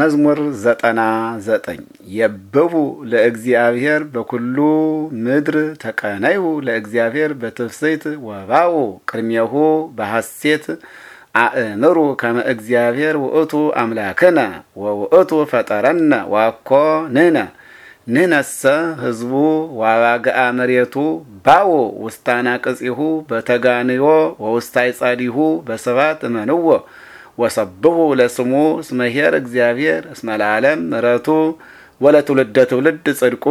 መዝሙር ዘጠና ዘጠኝ የብቡ ለእግዚአብሔር በኩሉ ምድር ተቀናዩ ለእግዚአብሔር በትፍስሕት ወባው ቅድሜሁ በሐሴት አእምሩ ከመ እግዚአብሔር ውእቱ አምላክነ ወውእቱ ፈጠረነ ዋኮ ንነ ንነሰ ህዝቡ ዋባግአ መሬቱ ባዎ ውስታና ቅጺሁ በተጋንዮ ወውስታይ ጻዲሁ በሰባት እመንዎ ወሰብሑ ለስሙ እስመ ኄር እግዚአብሔር እስመ ለዓለም ምሕረቱ ወለትውልደ ትውልድ ጽድቁ